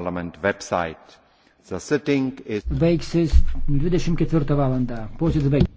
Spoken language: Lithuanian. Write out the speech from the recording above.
Baigsis 24 valandą. Posėdis baigsis.